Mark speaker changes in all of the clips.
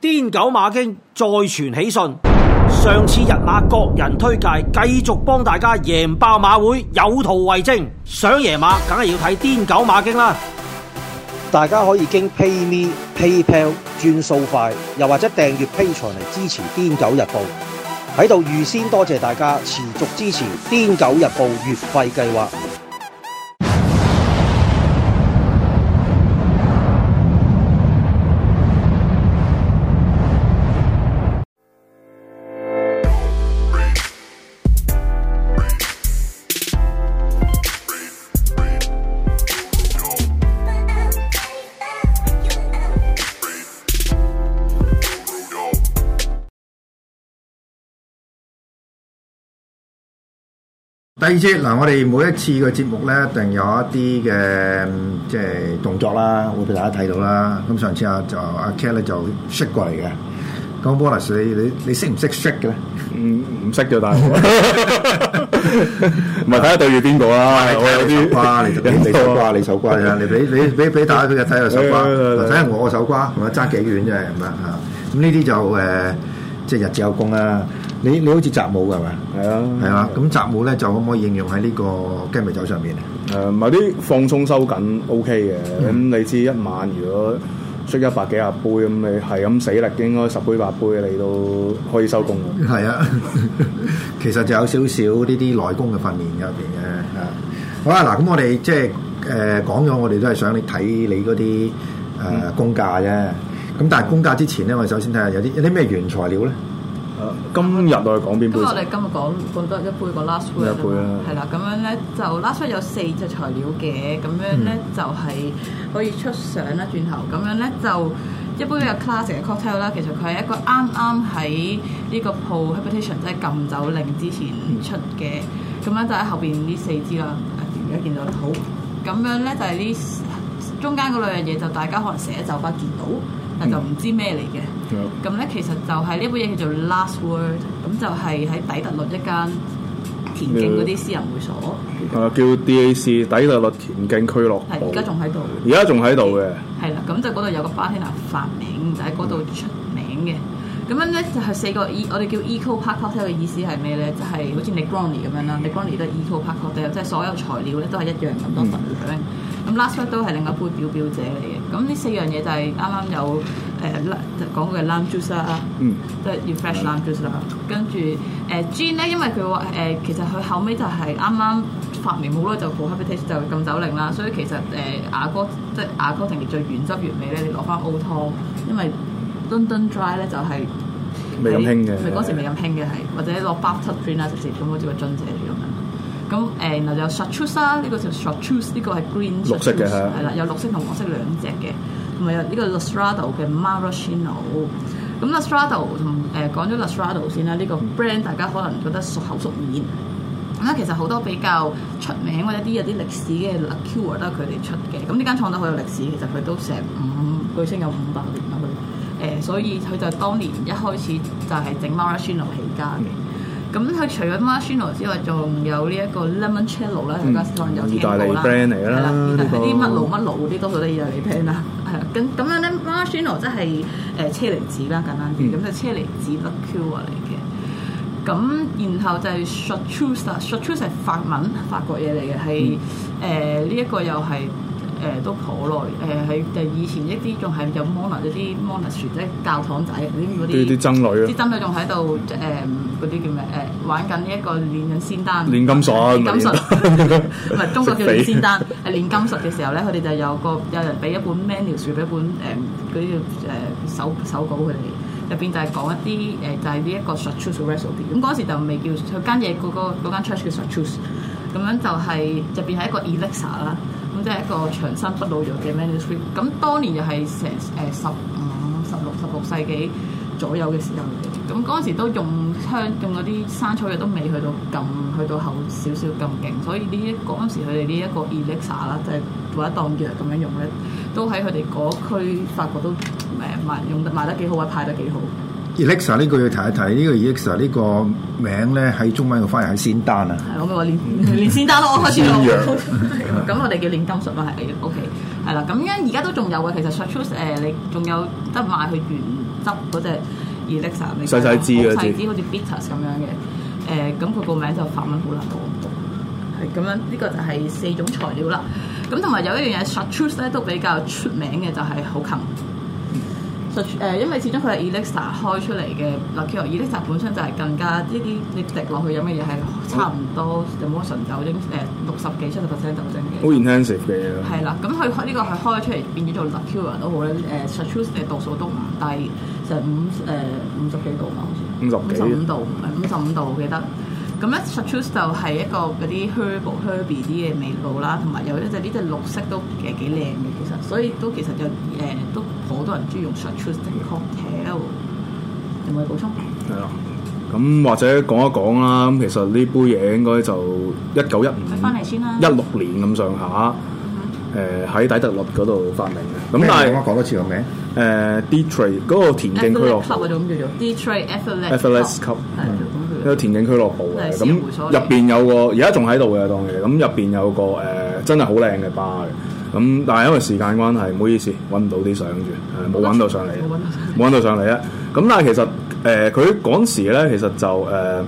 Speaker 1: 癲狗馬經再傳喜訊，上次日馬各人推介
Speaker 2: 繼續幫大家贏爆馬會，有圖為證。想贏馬，梗係要睇癲狗馬經啦！大家可以經 PayMe、PayPal 轉數快，又或者訂閱 Patreon 嚟支持癲狗日報。喺度預先多謝大家持續支持癲狗日報月費計劃。第二節嗱，我哋每一次嘅節目咧，一定有一啲嘅即係動作啦，會俾大家睇到啦。咁上次阿就阿 Ken 就 shake 過嚟嘅，咁 Wallace，你你你識唔識 shake 嘅咧？唔唔識嘅，大哥，唔係睇下對住邊個啊？有啲啊，你手瓜，你手瓜，你手瓜，係啊！你俾你俾俾大家嘅睇下手瓜，睇下我個手瓜，係咪揸幾遠啫？係咪啊？咁呢啲就誒，即係日子有功啦！你你好似習武噶係咪？係啊，係嘛。咁習武咧就可唔可以應用喺呢個雞尾酒上面？誒、嗯，唔係啲放鬆收
Speaker 1: 緊 O K 嘅。咁、OK 啊、你知一晚如果出一百幾廿杯，咁你係咁死
Speaker 2: 力嘅，應該十杯八杯你都可以收工嘅。係是啊， 其實就有少少呢啲內功嘅訓練入邊嘅吓。好啊，嗱、啊，咁我哋即係誒講咗，我哋都係想你睇你嗰啲誒工價啫。咁但係工價之前咧，我哋首先睇下有啲有啲咩原材料咧。今日我哋講邊杯？今日我哋
Speaker 3: 今日講講多一杯個 Last Word 啦，係啦，咁、啊、樣咧就 Last Word 有四隻材料嘅，咁樣咧、嗯、就係、是、可以出相啦。轉頭咁樣咧就一杯嘅 classic 嘅 cocktail 啦，其實佢係一個啱啱喺呢個鋪 Prohibition 即係禁酒令之前出嘅，咁咧、嗯、就喺後邊呢四支啦。而家見到啦，好咁樣咧就係、是、呢中間嗰兩樣嘢，就大家可能成日喺酒吧就唔見到。嗱、嗯、就唔知咩嚟嘅，咁咧、嗯、其實就係呢杯嘢叫做《Last Word》，咁就係喺底特律一間田徑嗰啲私人會所，
Speaker 1: 所啊叫 DAC 底特律田徑俱樂部，
Speaker 3: 而家仲喺度，而
Speaker 1: 家仲喺度嘅，
Speaker 3: 係啦，咁就嗰度有個巴提娜發明就喺嗰度出名嘅。嗯嗯咁樣咧就係、是、四個我 E，我哋叫 Eco Pack Cocktail 嘅意思係咩咧？就係、是、好似 Negroni 咁樣啦 Negroni 都 Eco Pack Cocktail 即係所有材料咧都係一樣咁多份量。咁 Last One 都係另外一杯表表姐嚟嘅。咁呢四樣嘢就係啱啱有誒講嘅 Lime Juice 啦，即係 Refresh Lime Juice 啦。跟住 Gin 咧，因為佢話、呃、其實佢後尾就係啱啱發明冇耐就 f o h a t 就禁酒令啦，所以其實誒亞哥即係亞哥，特、呃、最原汁原味咧，你攞翻 Old Tom。因為 London Dry 咧就係未咁興嘅，佢嗰、嗯、時未咁興嘅係，或者攞 Bath Finer 食食咁，好似個樽仔咁樣。咁誒、呃，然後就有 Shorttus 呢個就 Shorttus，呢個係 green s usa, s h h 色嘅係，係啦，有綠色同黃色兩隻嘅，同埋有呢個 Lustrado 嘅 m a r o c h i n o 咁 Lustrado 同、呃、誒講咗 Lustrado 先啦，呢、這個 brand 大家可能覺得熟口熟面。啊，其實好多比較出名或者啲有啲歷史嘅 l cure 都係佢哋出嘅。咁呢間廠都好有歷史，其實佢都成五，據稱有五百年咁呃、所以佢就當年一開始就係整 Maraschino 起家嘅。咁佢除咗 Maraschino 之外，仲有呢一個 Lemoncello e l、嗯、有的啦。意大利 brand 嚟啦，啲乜魯乜魯嗰啲多數都意大利聽啦。咁咁、嗯、樣咧 Maraschino 真、就、係、是、誒、呃、車厘子啦簡單啲，咁、嗯、就車厘子不 Liqueur 嚟嘅。咁然後就係 Chartreuse Chartreuse 係法文法國嘢嚟嘅，係誒呢一個又係。誒、呃、都好耐，喺、呃、就是、以前一啲仲係有摩納嗰啲 mona 船咧，教堂仔嗰啲嗰啲，啲
Speaker 1: 僧女啊，啲僧
Speaker 3: 女仲喺度嗰啲叫咩、呃？玩緊呢一個煉，煉金仙丹、啊。煉
Speaker 1: 金術，金唔係中國叫煉仙
Speaker 3: 丹，係 煉金術嘅時候咧，佢哋就有個有人俾一本 m e n u 俾一本嗰啲、呃呃、手手稿佢哋，入邊就係講一啲誒、呃、就係、是、呢、嗯那個就是、一個 h u r c h o s vsolp。咁嗰時就未叫佢間嘢，嗰間 church 叫 s h u r c h s 咁樣就係入邊係一個 elixir 啦。咁即係一個長生不老藥嘅 manuscript 咁當年又係成誒十五、十六、十六世紀左右嘅時候嚟嘅。咁嗰陣時都用香，用啲生草藥都未去到咁，去到後少少咁勁。所以呢，嗰陣時佢哋呢一個 elixir 啦、就是，即係或者當藥咁樣用咧，都喺佢哋嗰區法國都誒賣，用得賣得幾好，派得幾好。
Speaker 2: Elixir 呢個要提一提，呢、這個 Elixir 呢個名咧喺中文嘅翻譯係仙丹啊，係 、
Speaker 3: 喔、我咩話煉煉仙丹咯，開始咯，咁先魚 我哋嘅煉金術 okay，都係 OK，係啦，咁樣而家都仲有嘅，其實 Chartreuse、呃、你仲有得賣佢原汁嗰隻 Elixir 細細枝嗰啲，細枝好似 bitters 咁樣嘅，誒咁佢個名就法文好難講，係咁樣呢、這個就係四種材料啦，咁同埋有一樣嘢 Chartreuse 咧都比較出名嘅就係好近。因為始終佢係 Elixir 開出嚟嘅 Liqueur, Elixir 本身就係更加呢啲你滴落去飲嘅嘢係差唔多，就摩純酒精誒六十幾七十 percent 酒精
Speaker 1: 嘅。好 intensive 嘅。係啦，
Speaker 3: 咁佢呢個係開出嚟變咗做 Liqueur 都好咧。誒 Chartreuse、uh, Chartreuse 嘅度數都唔低，成、就是、五誒五十幾度啊，好似五十五度唔係五十五度我記得。咁咧 Chartreuse 就係一個嗰啲 herbal herb 啲嘅味道啦，同埋有,有一隻呢隻綠色都其實幾靚嘅。所
Speaker 1: 以都其實又都好多人中意用 short cocktail 有冇嘢補充？係啦、啊，咁或者講一講啦。咁其實呢杯嘢應該就一九一五，翻嚟先
Speaker 3: 啦，一
Speaker 1: 六年咁上下。誒、hmm. 喺、呃、底特律嗰度發明嘅。咁但係我講多次個名，誒 Detroit 嗰個田徑俱樂，級啊仲叫做
Speaker 3: Detroit Athletic
Speaker 1: Club 係咁佢個田徑俱樂部咁入邊有個而家仲喺度嘅當嘢。咁入邊有個、呃、真係好靚嘅 bar 嘅。咁但係因為時間關係，唔好意思，揾唔到啲相住，冇揾到上嚟，冇揾到上嚟啊！咁 但係其實誒佢嗰時咧，其實就誒、呃、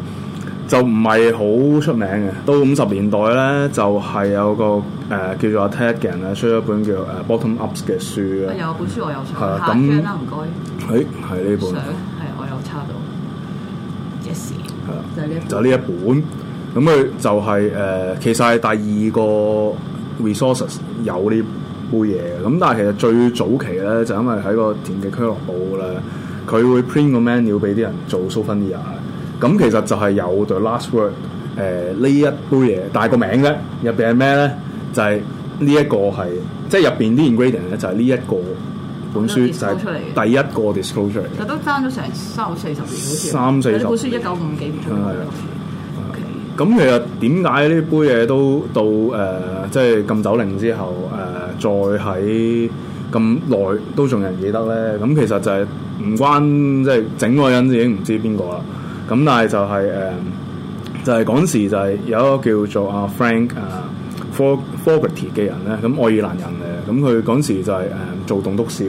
Speaker 1: 就唔係好出名嘅。到五十年代咧，就係、是、有個誒、呃、叫做 Ted 嘅人咧，出咗一本叫誒 Bottom Ups 嘅書啊！有本書我有上，嚇 thank you 唔該。係係呢本，係我有
Speaker 3: 差到，yes，係的就呢呢一
Speaker 1: 本，咁佢就係誒、就是呃，其實係第二個。resources 有呢杯嘢，咁但係其實最早期咧，就是、因為喺個田徑俱樂部咧，佢會 print 個 menu 俾啲人做 souvenir，咁其實就係有對 last word，誒、呃、呢一杯嘢，但係個名咧入邊係咩咧？就係呢一個係即係入邊啲 ingredient 咧，就係、是、呢、就是、呢一個本書個出就係第一個 disclosure，其實都爭
Speaker 3: 咗成三四十年，三四十本書一九五幾年出嚟。
Speaker 1: 咁其實點解呢杯嘢都到即係、呃就係、禁酒令之後、呃、再喺咁耐都仲人記得咧？咁其實就係唔關即係、就係、整個人已經唔知邊個啦。咁但係就係、是呃、就係、是、嗰時就係有一個叫做阿、啊、Frank 啊 For Fogarty 嘅人咧，咁愛爾蘭人嚟。咁佢嗰時就係做棟篤笑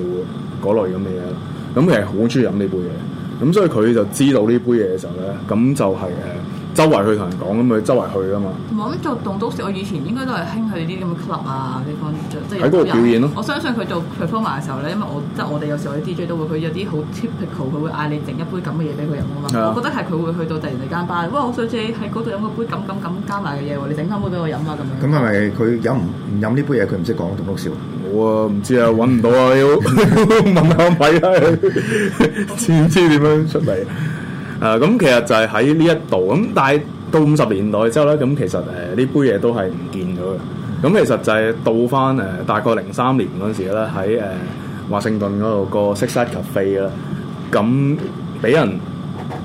Speaker 1: 嗰類咁嘅嘢，咁其實好中意飲呢杯嘢，咁所以佢就知道呢杯嘢嘅時候咧，咁就係、是周圍去同人講咁嘛，周圍去啊嘛。
Speaker 3: 同我咁做棟篤笑，我以前應該都係興去啲咁嘅 club 啊，呢方即係喺嗰個表演咯。我相信佢做 performer 嘅時候咧，因為我即係我哋有時候啲 DJ 都會去，佢有啲好 typical，佢會嗌你整一杯咁嘅嘢俾佢飲啊嘛。的我覺得係佢會去到突然間吧，哇！我想知喺嗰度飲個杯咁咁咁加埋嘅嘢喎，你整翻杯俾我飲啊咁樣。
Speaker 2: 咁係咪佢飲唔唔飲呢杯嘢？佢唔識講棟篤笑。冇啊，唔知啊，揾唔到啊，要問下咪啊，
Speaker 1: 唔 知點樣出嚟。誒咁、啊、其實就係喺呢一度咁，但係到五十年代之後咧，咁其實誒呢、啊、杯嘢都係唔見咗嘅。咁、啊、其實就係到翻誒大概零三年嗰陣時咧，喺誒、啊、華盛頓嗰度個 Zig Zag Cafe 啊，咁俾人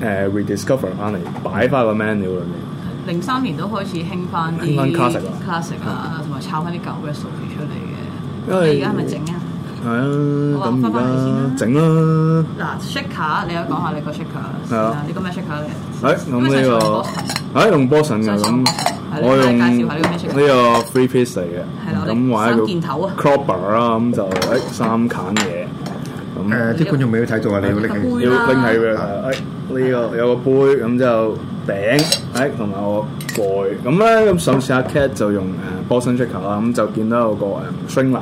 Speaker 1: 誒 Rediscover 翻嚟，擺、啊、翻個 menu 裏面。零三年都
Speaker 3: 開始興翻啲 Classic 啊，同埋抄翻啲舊嘅 s o 出嚟
Speaker 1: 嘅。因為你而家係咪整啊！係啊，咁而家整啦。嗱
Speaker 3: Shaker 你又講
Speaker 1: 下你個 Shaker 係啊。你個咩 Shaker 嚟？誒，咁呢個。誒，用 Boston 嘅。我用呢個 three piece 嚟嘅。係啦，我拎三件頭啊。Cobbler 啦，咁就三砍嘢。誒，啲觀眾未睇到啊！你要拎，要拎起佢，誒，呢個有個杯，咁就頂，誒，同埋個蓋。咁咧，咁上次阿 Cat 就用誒 Boston Shaker 啦，咁就見到有個 spring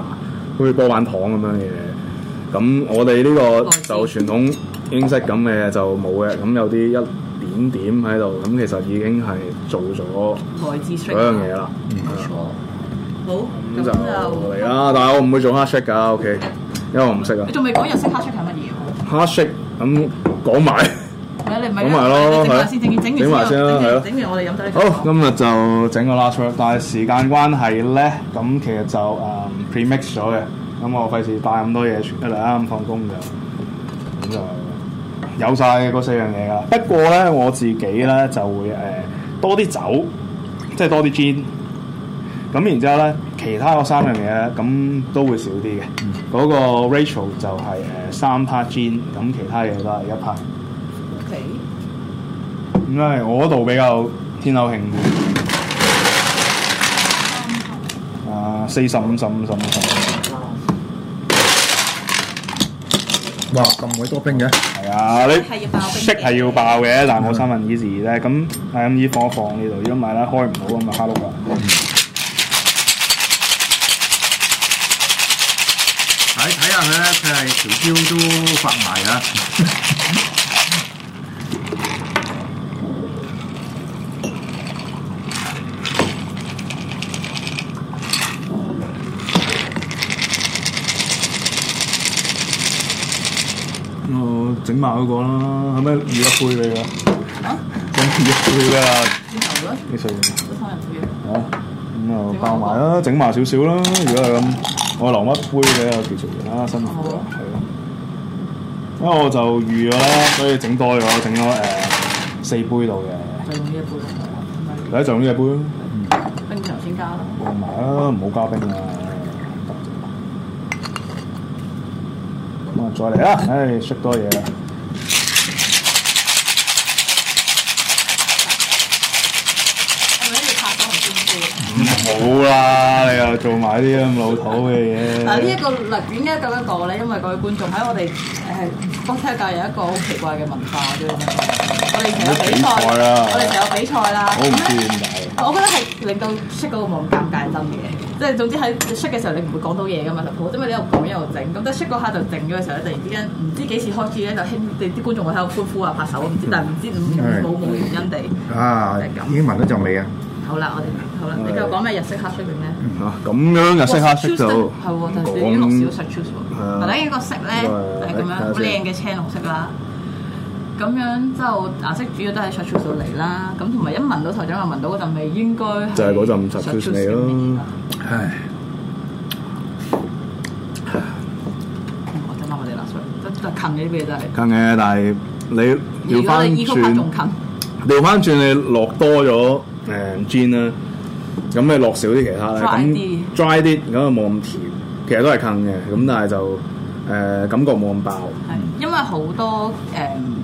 Speaker 1: 好似波板糖咁樣嘅，咁我哋呢個就傳統英式咁嘅就冇嘅，咁有啲一,一點點喺度，咁其實已經係做咗嗰樣嘢啦。冇
Speaker 3: 錯，哦、好，咁就嚟啦，就但係
Speaker 1: 我唔會做 hard shake 㗎，OK？欸、因為我唔識啊。你仲
Speaker 3: 未
Speaker 1: 講日式 hard shake 係乜嘢？hard shake 咁講埋。
Speaker 3: 咁你咪咯，整埋先，整完整完先咯，係咯，整完我哋飲
Speaker 1: 酒。好，今日就整個 Last Word 但係時間關係咧，咁其實就誒 premix 咗嘅，咁我費事帶咁多嘢出嚟啱啱放工就咁就有曬嗰四樣嘢噶。不過咧，我自己咧就會誒多啲酒，即係多啲 gin，咁然之後咧其他嗰三樣嘢咁都會少啲嘅。嗰個 Rachel 就係誒三 part gin，咁其他嘢都係一 part。因為我嗰度比較天后型，啊，四十五十五十五，哇咁鬼多冰嘅？係啊，你色係要爆嘅，但係我三分 easy 咧，咁係唔依放一放呢度，如果唔係咧開唔到咁啊卡路噶。
Speaker 2: 睇睇下佢啊，佢係條蕉都發埋啊！
Speaker 1: 整埋嗰個啦，係咪預一杯嚟㗎？啊！整預杯㗎。幾時啊？技術員。都生日
Speaker 3: 杯
Speaker 1: 啊。啊！咁又包埋啦，整埋少少啦。如果係咁，我留一杯俾個技術員啦，辛苦啦，係咯。咁我就預咗啦，所以整多嘅話，整咗誒四杯度嘅。就用呢一杯啦，唔係。第一就用呢一杯咯。嗯。冰糖
Speaker 3: 先加咯。包
Speaker 1: 埋啦，唔好加冰啊！再嚟啦！唉，識多嘢啦。係咪要拍多部電視？唔好啦，你又做埋啲咁老土嘅嘢。啊，呢一個點解咁樣講咧，
Speaker 3: 因為各位觀眾喺我哋國泰界有一個好奇怪嘅文化嘅。我哋其實比賽啦，我哋成日比賽啦。我唔知點解，我覺得係令到識到冇咁尷尬一啲嘢。即係總之喺 shake 嘅時候，你唔會講到嘢噶嘛，好，因為你又講一路整，咁得出嗰下就靜咗嘅時候，突然之間唔知幾時開始咧，就興啲觀眾會喺度歡呼啊拍手啊，唔知但係唔知冇冇原
Speaker 2: 因地啊英文得陣未啊？好
Speaker 3: 啦，我哋
Speaker 2: 好啦，你繼續講咩日式黑色定咩？咁樣日式黑色就係喎，就講六小
Speaker 3: 色 choose 喎，或一個色咧，係咁樣好靚嘅青綠色啦。咁樣就顏色主要都係出嚟啦，咁同埋一聞到頭頂就聞
Speaker 1: 到嗰陣味，應該就係嗰陣 chocolate 味咯。唉，我睇翻我哋嗱出，真，真近嘅啲嘢都係近嘅，但係你而 要如果轉調翻轉你落多咗誒 gin 啦，咁、嗯、你落少啲其他咧 dry 啲，dry 啲咁啊，冇咁甜，其實都係近嘅，咁、嗯、但係就、呃、感覺冇咁爆。
Speaker 3: 係，因為好多、嗯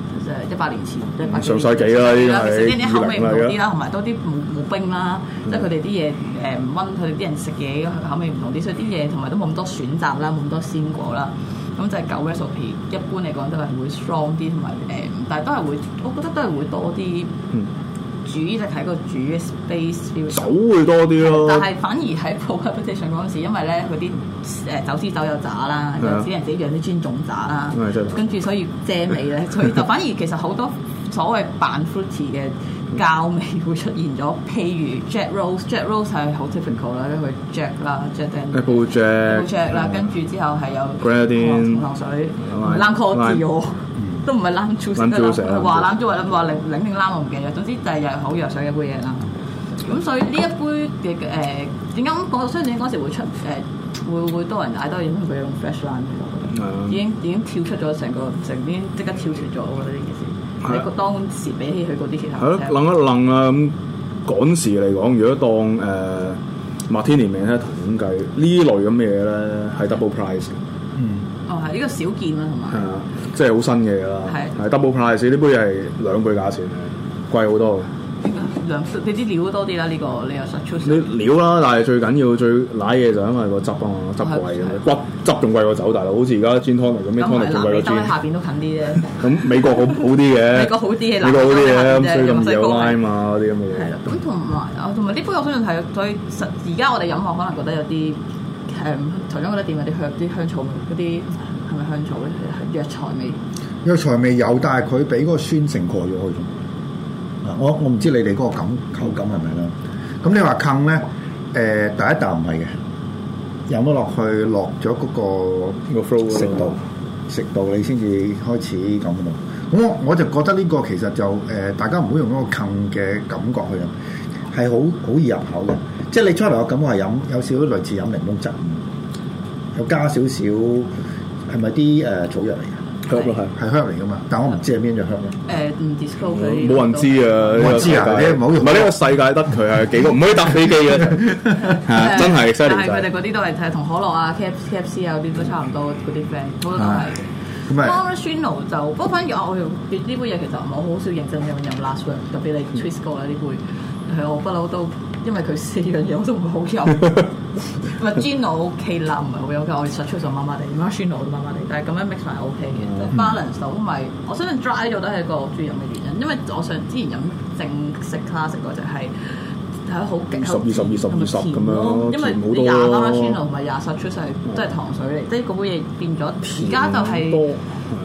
Speaker 3: 誒一百年前，年上世紀啦，呢啲口味唔同啲啦，同埋多啲冇冇冰啦，即係佢哋啲嘢誒唔温，佢哋啲人食嘢口味唔同啲，所以啲嘢同埋都冇咁多選擇啦，冇咁多鮮果啦，咁就係舊 recipe 一般嚟講都係會 strong 啲，同埋誒，但係都係會，我覺得都係會多啲。嗯煮就喺個煮 space feel，酒
Speaker 1: 會多啲咯。但係
Speaker 3: 反而喺 prohibition 嗰陣時，因為咧佢啲誒走私酒又渣啦，有啲人自己養啲專種渣啦，跟住所以遮味咧，所以就反而其實好多所謂扮 fruity 嘅膠味會出現咗。譬如 jack rose，jack rose 係好 typical 啦，因為 jack 啦，jack apple
Speaker 1: jack，jack 啦，
Speaker 3: 跟住之後係有
Speaker 1: grenadine 糖
Speaker 3: 水，藍可治油。都唔係了天冷住食，話攬住話話領領冷攬我唔記得。總之第二日口又水一杯嘢啦。咁所以呢一杯嘅誒點解我商店嗰時會出誒會會多人嗌多嘢？佢用 fresh line 我覺得，um, 已經已經跳出咗成個成啲即刻跳出咗。我覺得呢件事，的你覺當時比起佢嗰啲其他，係啊的，楞一
Speaker 1: 愣啊咁趕時嚟講，如果當誒麥天尼名咧統計呢類咁嘢咧係 double price。嗯。呢個少見啦，係嘛？係啊，即係好新嘅啦。係，double price 呢杯係兩倍價錢，貴好多。你知料
Speaker 3: 多
Speaker 1: 啲啦，呢個你又你料啦，但係最緊要最賴嘢就因為個汁啊嘛，汁貴，骨汁仲貴過酒。大佬好似而家氈湯力咁，咩湯力貴過氈？你下
Speaker 3: 邊都
Speaker 1: 近啲啫。咁美國好
Speaker 3: 好啲嘅，美國好啲嘅，美國好啲嘅，所以咁易有 lime 啊啲咁嘅嘢。係啦，咁同埋同埋呢
Speaker 1: 杯我相信係，所以實而家我哋飲行可
Speaker 3: 能覺得有啲誒，頭先覺得點啊啲香啲香草嗰啲。係咪香草咧？
Speaker 2: 藥材味，藥材味有，但係佢俾嗰個酸成過咗去咗。我我唔知道你哋嗰個感口感係咪啦？咁、嗯嗯嗯、你話浸咧？誒、呃、第一啖唔係嘅，飲咗落去落咗嗰個食道、嗯、食道你先至開始講嘅嘛。咁、嗯、我我就覺得呢個其實就誒、呃、大家唔好用嗰個浸嘅感覺去飲，係好好易入口嘅。即係你出嚟嘅感覺係飲有少少類似飲檸檬汁，又加少少。係咪啲誒草藥嚟㗎？香咯，係，係香嚟㗎嘛！但我唔知係邊隻
Speaker 1: 香咯。discover 冇人知啊！我知啊，唔係呢個世界得佢係幾個，唔可以搭飛機㗎。啊，真係犀利！但係佢哋
Speaker 3: 嗰啲都係睇同可樂啊、K F K F C 啊嗰啲都差唔多嗰啲 friend，我都係。Commercial 就反而我呢杯嘢其實我好少認真飲飲 Last Word，特別你 Twist 過呢杯係我不嬲都。因為佢四樣嘢我都唔會好飲，唔係 gin 佬 ok 啦，唔係好有嘅。我實出就麻麻地，martin 佬都麻麻地，但係咁樣 mix 埋 ok 嘅，balance 唔咪我相信 dry 咗都係一個我中意飲嘅原因，因為我上之前飲正式 classic 嗰隻係係好勁十二
Speaker 1: 十二十二十咁樣，因為廿 martin 佬
Speaker 3: 唔係廿十出世都係糖水嚟，即係嗰杯嘢變咗、就是，而家就係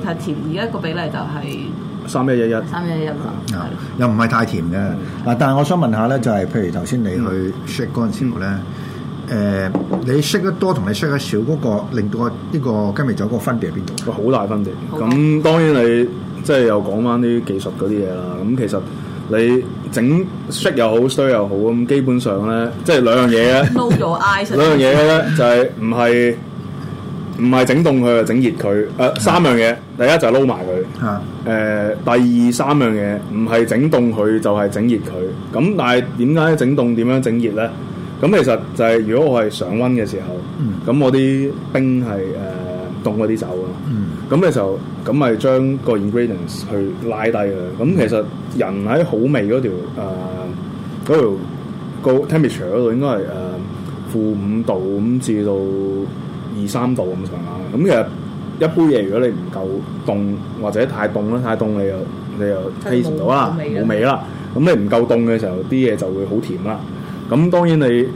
Speaker 3: 係甜，而家個比例就係、是。
Speaker 2: 三一一一，三一一一又唔係太甜嘅。嗱、嗯，但我想問一下咧、就是，就係譬如頭先你去 shake 嗰陣時咧、嗯呃，你 shake 得多同你 shake 得少嗰、那個令到呢個雞尾酒嗰個分別喺邊度？好大分別。
Speaker 1: 咁高當然你即係、就是、又講翻啲技術嗰啲嘢啦。咁其實你整 shake 又好，stir 又好，咁基本上咧，即、就、係、是、兩樣嘢咧。
Speaker 3: 兩樣嘢咧
Speaker 1: 就係唔係。唔係整凍佢就整熱佢，誒、呃、三樣嘢，嗯、第一就係撈埋佢，誒、啊呃、第二三樣嘢，唔係整凍佢就係、是、整熱佢。咁但係點解整凍點樣整熱咧？咁其實就係如果我係上温嘅時候，咁、嗯、我啲冰係誒凍嗰啲走啊，咁嘅時候咁咪將個 ingredients 去拉低啊。咁、嗯、其實人喺好味嗰條誒嗰、呃、條個 temperature 嗰度應該係誒負五度咁至到。二三度咁上下，咁其實一杯嘢如果你唔夠凍或者太凍啦，太凍你又你又 taste 吧唔到啦，冇味啦。咁你唔夠凍嘅時候，啲嘢就會好甜啦。咁當然你誒、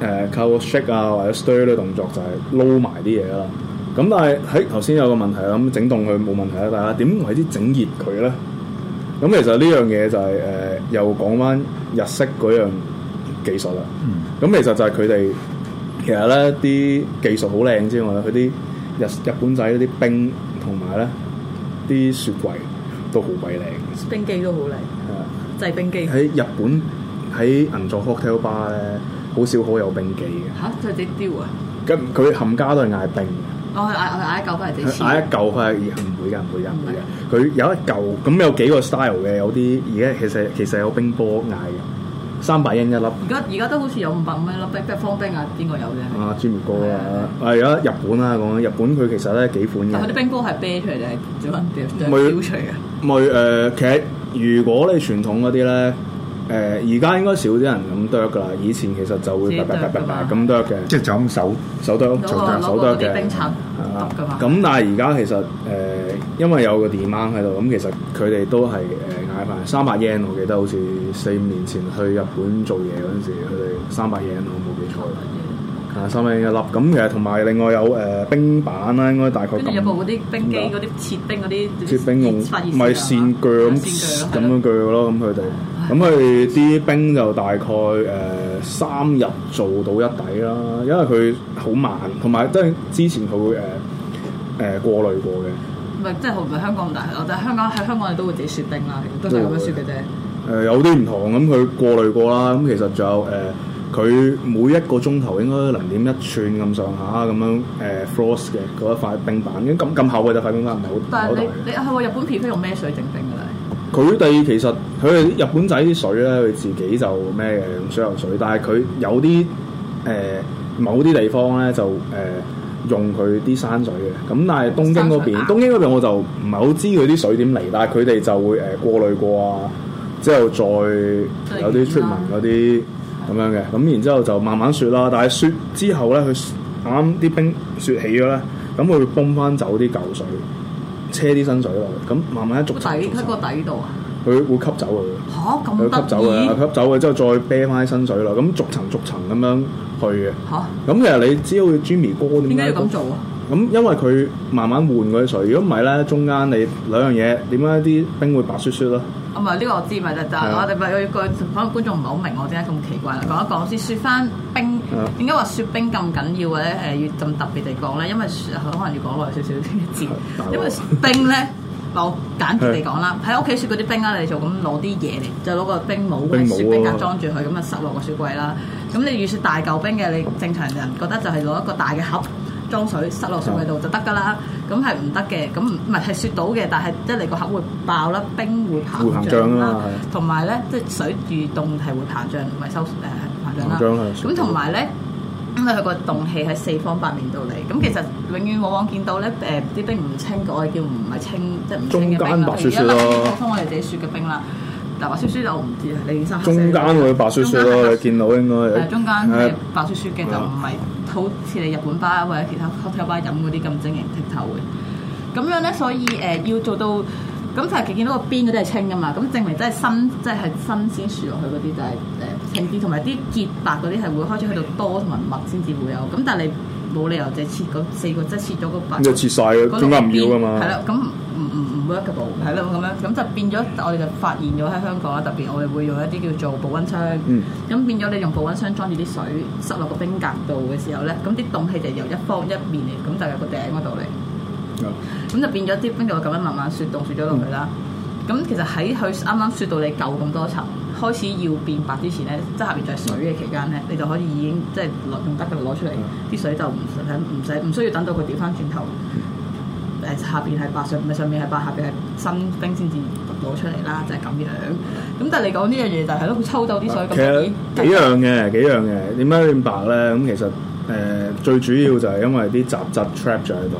Speaker 1: 呃、靠個 shake 啊或者 stir 嘅動作就係撈埋啲嘢啦。咁但係喺頭先有個問題啦，咁整凍佢冇問題啦，大家點為之整熱佢咧？咁其實呢樣嘢就係、是、誒、呃、又講返日式嗰樣技術啦。咁、嗯、其實就係佢哋。其實咧，啲技術好靚之外，佢啲日日本仔嗰啲冰同埋咧啲雪櫃都好鬼靚。
Speaker 3: 冰機都好靚。係製冰機。喺
Speaker 1: 日本喺銀座 cocktail bar 咧，好少可有冰機嘅。
Speaker 3: 嚇！佢自己雕啊？
Speaker 1: 佢佢冚家都係嗌冰。我係嗌我係嗌一嚿，佢係幾錢？嗌一嚿係唔會㗎，唔會㗎，唔會㗎。佢有一嚿，咁有幾個 style 嘅，有啲而家其實其實有冰波嗌嘅。三百英一粒，而家而
Speaker 3: 家都好似有五百
Speaker 1: 五蚊一粒冰冰方冰啊！邊個有啫？的啊，專唔過啊啊，而家日本啊。講，日本佢其實咧幾款嘅。啲
Speaker 3: 冰格係啤出嚟定
Speaker 1: 係點？屌出嘅？咪誒、呃，其實如果你傳統嗰啲咧，誒而家應該少啲人咁剁噶啦。以前其實就會白白白白咁剁嘅，即係就咁手手剁，就手剁嘅。冰
Speaker 3: 塵咁、
Speaker 1: 啊、但係而家其實誒、呃，因為有個 demand 喺度，咁其實佢哋都係三百 yen 我記得好似四五年前去日本做嘢嗰陣時，佢哋三百 yen 我冇記錯啊，三百 yen 一粒。咁其實同埋另外有誒、呃、冰板啦，應該大概咁。跟住有部
Speaker 3: 嗰啲冰機，嗰啲切冰嗰啲。切冰用唔係
Speaker 1: 線鋸咁樣鋸嘅咯，咁佢哋，咁佢哋啲冰就大概誒三日做到一底啦，因為佢好慢，同埋都係之前佢會誒誒過濾過嘅。唔係即係唔埋香港，但係我哋香港喺香港，你都會自己雪冰啦，都係咁樣雪嘅啫。誒、呃、有啲唔同咁，佢過濾過啦。咁其實仲有誒，佢、呃、每一個鐘頭應該零點一吋咁上下咁樣誒、呃、frost 嘅嗰一塊冰板。咁咁厚嘅就塊冰板唔係好大，但係你你，係話日本片
Speaker 3: 飛用咩水整冰㗎
Speaker 1: 咧？佢哋其實佢哋日本仔啲水咧，佢自己就咩嘅，用石油水。但係佢有啲誒、呃、某啲地方咧就誒。呃用佢啲山水嘅，咁但係東京嗰邊，東京嗰邊我就唔係好知佢啲水點嚟，但係佢哋就會誒過濾過啊，之後再有啲出雲嗰啲咁樣嘅，咁然之後就慢慢雪啦。但係雪之後咧，佢啱啱啲冰雪起咗咧，咁佢會崩翻走啲舊水，車啲新水落嚟，咁慢慢一逐層逐層，喺個底度啊！佢層會吸走佢嚇
Speaker 3: 咁得意，吸走啊，再吸
Speaker 1: 走啊，之後再啤翻啲新水啦，咁逐層逐層咁樣。去嘅，咁、啊、其實你知只 Jim 要 Jimmy 哥點解要咁做啊？咁因為佢慢慢換啲水，如果唔係咧，中間你兩樣嘢點解啲冰會白雪雪咯？
Speaker 3: 唔係呢個我知，咪得就我哋咪有句可能觀眾唔係好明，我點解咁奇怪？講的一講先，雪翻冰，點解話雪冰咁緊要咧？誒、呃，要咁特別地講咧，因為雪可能要講耐少少啲字，因為冰咧。 嗱，我、哦、簡潔地講啦，喺屋企雪嗰啲冰啦，你就咁攞啲嘢嚟，就攞個冰帽、冰帽雪冰盒裝住佢，咁帽啊塞落個雪櫃啦。咁你遇雪大嚿冰嘅，你正常人覺得就係攞一個大嘅盒裝水塞，塞落雪櫃度就得㗎啦。咁係唔得嘅，咁唔係，係雪到嘅，但係即係你個盒會爆啦，冰會膨脹行啦，同埋咧即係水遇凍係會膨脹，唔係收誒、呃、膨脹啦。咁同埋咧。因為佢個凍氣係四方八面到嚟，咁其實永遠往往見到咧誒啲冰唔清嘅，我哋叫唔係清，即係唔清嘅冰啦。而家普通我哋自己雪嘅冰啦，但白雪雪就我唔知啊，你見生。4, 中間
Speaker 1: 會白雪雪咯，你見到應該。係中間
Speaker 3: 白雪雪嘅，的就唔係好似你日本巴或者其他 hotel 巴飲嗰啲咁晶瑩剔透嘅。咁樣咧，所以誒、呃、要做到。咁就係見到個邊嗰啲係清嘅嘛，咁證明真係新，即係係新鮮樹落去嗰啲就係誒清啲，同埋啲潔白嗰啲係會開始去到多同埋密先至會有。咁但係你冇理由就係切咗四個，即係切咗個白。一切晒，嘅，中間唔要啊嘛。係啦，咁唔唔唔 workable 係啦咁樣，咁就變咗我哋就發現咗喺香港啊，特別我哋會用一啲叫做保溫箱。咁、嗯、變咗你用保溫箱裝住啲水，塞落個冰格度嘅時候咧，咁啲凍氣就由一方一面嚟，咁就由個頂嗰度嚟。嗯咁就變咗啲冰柱，咁樣慢慢雪凍雪咗落去啦。咁、嗯、其實喺佢啱啱雪到你舊咁多層，開始要變白之前咧，即係下邊就係水嘅期間咧，你就可以已經即係攞仲得嘅攞出嚟。啲水就唔使唔使唔需要等到佢掉翻轉頭，誒下邊係白，上咪上面係白，下邊係新冰先至攞出嚟啦，就係、是、咁樣。咁但係你講呢樣嘢就係咯，抽走啲水。其實幾樣
Speaker 1: 嘅幾樣嘅點解變白咧？咁其實誒、呃、最主要就係因為啲雜質 trap 住喺度。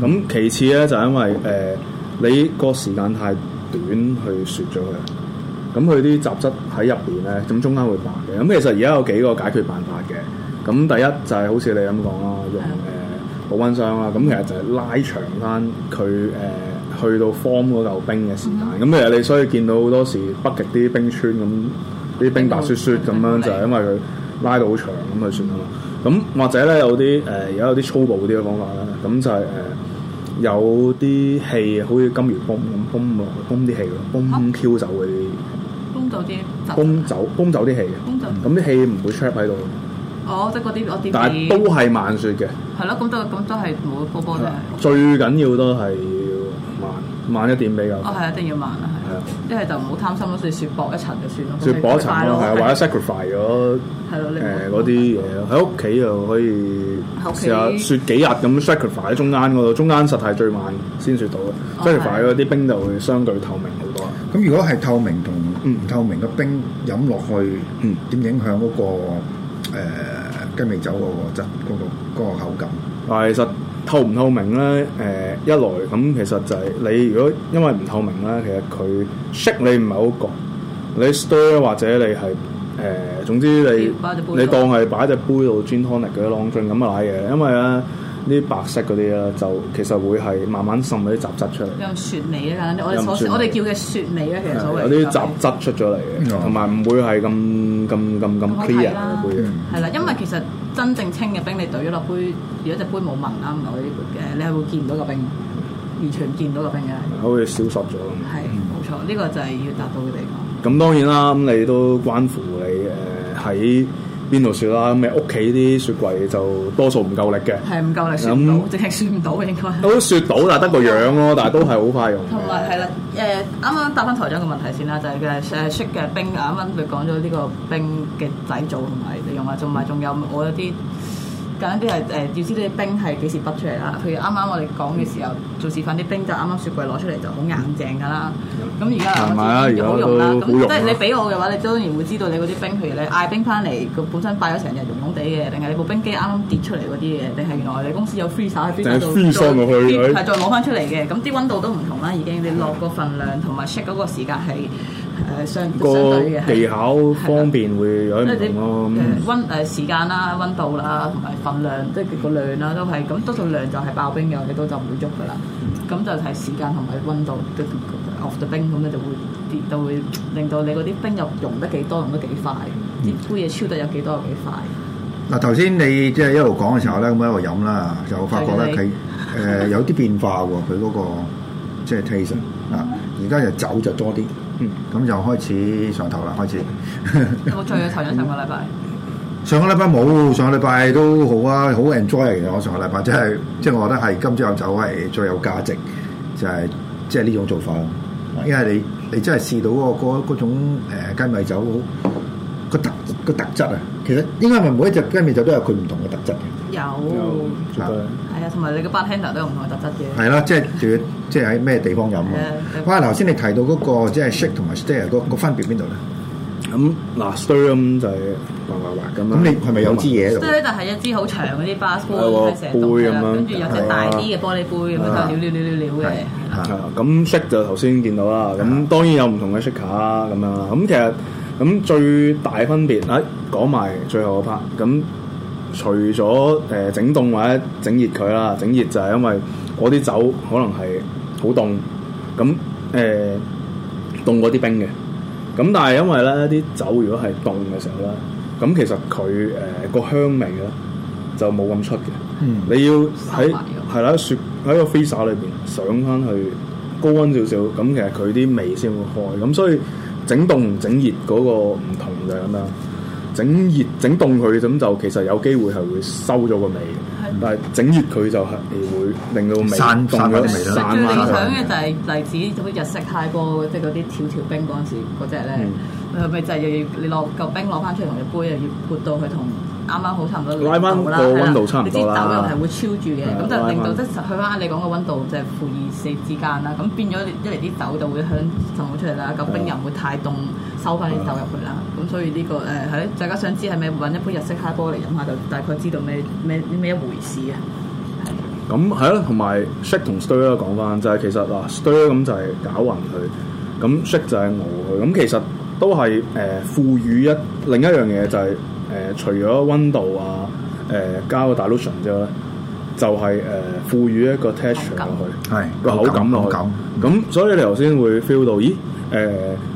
Speaker 1: 咁其次咧就係、因為、呃、你個時間太短去雪咗佢，咁佢啲雜質喺入邊咧，咁中間會化嘅。咁其實而家有幾個解決辦法嘅。咁第一就係好似你咁講啦，用誒的保溫箱啦。咁其實就係拉長翻佢、呃、去到 form 嗰嚿冰嘅時間。咁其實你所以見到好多時北極啲冰川咁啲冰白雪雪咁樣，嗯、就係因為佢拉到好長咁去雪啊嘛。咁的或者咧有啲而家有啲粗暴啲嘅方法啦，咁就係、是呃有啲氣，好似金魚泵咁泵落，泵啲氣咯，泵 Q 就啲泵走啲，
Speaker 3: 泵、
Speaker 1: 啊、走泵走啲氣嘅，咁啲、嗯、氣唔會 trap 喺度咯。哦，即係
Speaker 3: 嗰啲我啲，但係都係
Speaker 1: 慢雪嘅。係咯、嗯，
Speaker 3: 咁都咁都係冇波波啫。
Speaker 1: 最緊要都係要慢慢一點比較。哦，係
Speaker 3: 一定要慢。一係就唔好貪心咯，所以雪薄一層
Speaker 1: 就算咯，雪薄一層咯，係啊，或者 sacrifice 咗係咯誒嗰啲嘢喺屋企就可以其實雪幾日咁 sacrifice 喺中間嗰度，中間實係最慢先雪到咯，sacrifice 嗰啲冰就會相對透明好多的。
Speaker 2: 咁如果係透明同唔透明嘅冰飲落去，點、嗯、影響嗰、嗰個誒、呃、雞尾酒嗰個質嗰、嗰個嗰個口感？
Speaker 1: 係實。透唔透明咧？呃，一來咁其實就係你，如果因為唔透明咧，其實佢 shake 你唔係好覺，你 stir 或者你係誒、呃，總之你你當係擺隻杯度 gin tonic 嗰啲 long drink 咁啊瀨嘢，因為啊～呢啲白色嗰啲咧，就其實會係慢慢滲埋啲雜質出嚟。
Speaker 3: 有雪味啊！我哋我哋叫嘅雪味啊，其實所謂。有啲雜
Speaker 1: 質出咗嚟嘅，同埋唔會係咁咁咁咁 clear。係啦、嗯嗯，
Speaker 3: 因為其實真正清嘅冰，你懟咗落杯，如果隻杯冇紋啊，唔係啲嘅，你係會見唔到個冰，完全見唔到個冰
Speaker 1: 嘅。好似消失咗咁。
Speaker 3: 係冇錯，呢、呢個就係要達到嘅地
Speaker 1: 方。咁、嗯、當然啦，咁你都關乎你誒喺。在邊度雪啦、啊？咩屋企啲雪櫃就多數唔夠力嘅，
Speaker 3: 係唔夠力，雪唔到淨係、嗯、雪唔到嘅應該。
Speaker 1: 都雪到，但係得個樣咯， 但係都係好快用。
Speaker 3: 同埋係啦，誒啱啱答翻台長嘅問題先啦，就係誒誒雪嘅冰，啱啱佢講咗呢個冰嘅製造同埋利用啊，同埋仲有我有啲。簡單啲係誒，要知啲冰係幾時拔出嚟啦。譬如啱啱我哋講嘅時候、嗯、做示範，啲冰就啱啱雪櫃攞出嚟就好硬淨㗎啦。咁而家好用啊？嗯嗯、用啦，如即係你俾我嘅話，你當然會知道你嗰啲冰，譬如你嗌冰翻嚟，佢本身擺咗成日融融地嘅，定係你部冰機啱啱跌出嚟嗰啲嘢，定係原來你公司有 freezer 度 free free 再係再攞翻出嚟嘅。咁啲温度都唔同啦，已經你落個份量同埋 check 嗰個時間係。誒相對嘅
Speaker 1: 技巧方便會有啲唔
Speaker 3: 同咯，溫誒時間啦、溫度啦，同埋份量，即係個量啦，都係咁。多數量就係爆冰嘅，你都就唔會喐噶啦。咁就係時間同埋溫度，跌落咗冰咁咧，就會跌到會令到你嗰啲冰又溶得幾多，溶得幾快，啲杯嘢超得有幾多，有幾快。
Speaker 2: 嗱頭先你即係一路講嘅時候咧，咁樣一路飲啦，就發覺咧佢誒有啲變化喎。佢嗰個即係 taste 啊，而家就酒就多啲。嗯，咁就開始上頭啦，開始。 我再
Speaker 3: 投
Speaker 2: 咗上個禮拜。上個禮拜冇，上個禮拜都好啊，好 enjoy、啊、其實我上個禮拜即係，即、就、係、是、我覺得係今朝有酒係最有價值，就係即係呢種做法，因為你你真係試到嗰、喔、嗰種、呃、雞尾酒個特個特質啊。其實應該係每一隻雞尾酒都有佢唔同嘅特質嘅。
Speaker 3: 有，係啊，同埋你個
Speaker 2: bartender 都有唔同嘅特質嘅。係啦，即係仲要即係喺咩地方飲啊？哇！頭先你提到嗰、那個即係、就是、shake 同埋 stir 個分別邊度咧？咁嗱，stir 咁就係滑滑滑咁你係咪有支嘢？即係咧，就
Speaker 3: 係吧一支好長嗰啲 bar glass 杯咁樣，跟住有隻大啲嘅玻璃杯咁樣，吧就唥唥
Speaker 1: 唥唥嘅。咁 shake 吧就頭先見到啦。咁吧當然有唔同嘅 shaker 咁樣啦。咁其實咁最大分別啊！講埋最後嗰 part。咁除咗、呃、整凍或者整熱佢啦，整熱就係因為嗰啲酒可能係好凍，咁誒凍嗰啲冰嘅。咁但係因為咧啲酒如果係凍嘅時候咧，咁其實佢個、呃、香味咧就冇咁出嘅。嗯、你要喺係啦吧，雪喺個 flask 裏面上翻去高溫少少，咁其實佢啲味先會開。咁所以整凍整熱嗰個唔同就係咁樣。整熱整凍佢，咁就其實有機會係會收咗個味嘅，但係整熱佢就係會令到味散散咗味啦。理想嘅就係、
Speaker 3: 是、例如好似日式太過，即係嗰啲跳跳冰嗰陣時嗰隻咧，係、那、咪、個嗯、就係又要你落嚿冰攞翻出嚟同隻杯又要潑到佢同？啱啱好，差唔多。拉翻個温度差唔多，你知豆又係會超住嘅，咁就令到即係去翻你講嘅温度，即係負二四之間啦。咁變咗一嚟啲豆就會響滲出嚟啦，個冰又唔會太凍收翻啲豆入去啦。咁所以呢個誒喺大家想知係咪揾一杯日式哈波嚟飲下，就大概知道咩咩咩一回事啊？
Speaker 1: 咁係咯，同埋 shake 同 stir 啦，講翻就係其實啊，stir 咁就係攪勻佢，咁 shake 就係攪佢。咁其實都係誒賦予一另一樣嘢就係。誒、呃、除咗温度啊，誒、呃、加個大 l o 之後咧，就係、是、誒、呃、賦予一個 texture 落去，係個了是口感落去。咁所以你頭先會 feel 到，咦？誒、呃、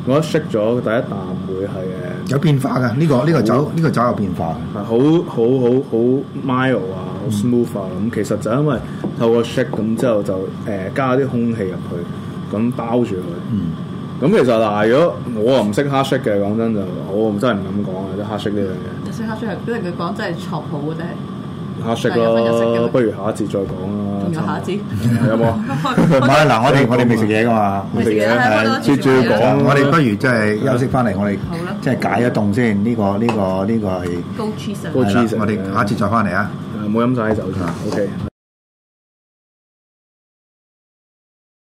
Speaker 1: 我 shake 咗第一啖會係有變化嘅。呢、這個呢很個酒呢、這個酒有變化嘅，好好好好 m i l l o 啊，好 smooth 啊。咁、嗯、其實就因為透過 shake 咁之後就誒、呃、加啲空氣入去，咁包住佢。咁、嗯、其實嗱、呃，如果我唔識 h a shake 嘅，講真就我真係唔敢講啊，啲 h a shake 呢樣嘢。食黑椒，俾人佢講真係錯好
Speaker 3: 嘅，啫係。嚇食
Speaker 2: 啦，不如下一次再講啦。仲有下一次？有冇？唔係嗱，我哋我哋未食嘢噶嘛，未食嘢，接住講。我哋不如真係休息翻嚟，我哋真係解一凍先。呢個呢個呢個係。Goat
Speaker 3: cheese！Goat cheese！我哋下
Speaker 2: 一次再翻嚟啊！冇飲曬酒㗎。O K。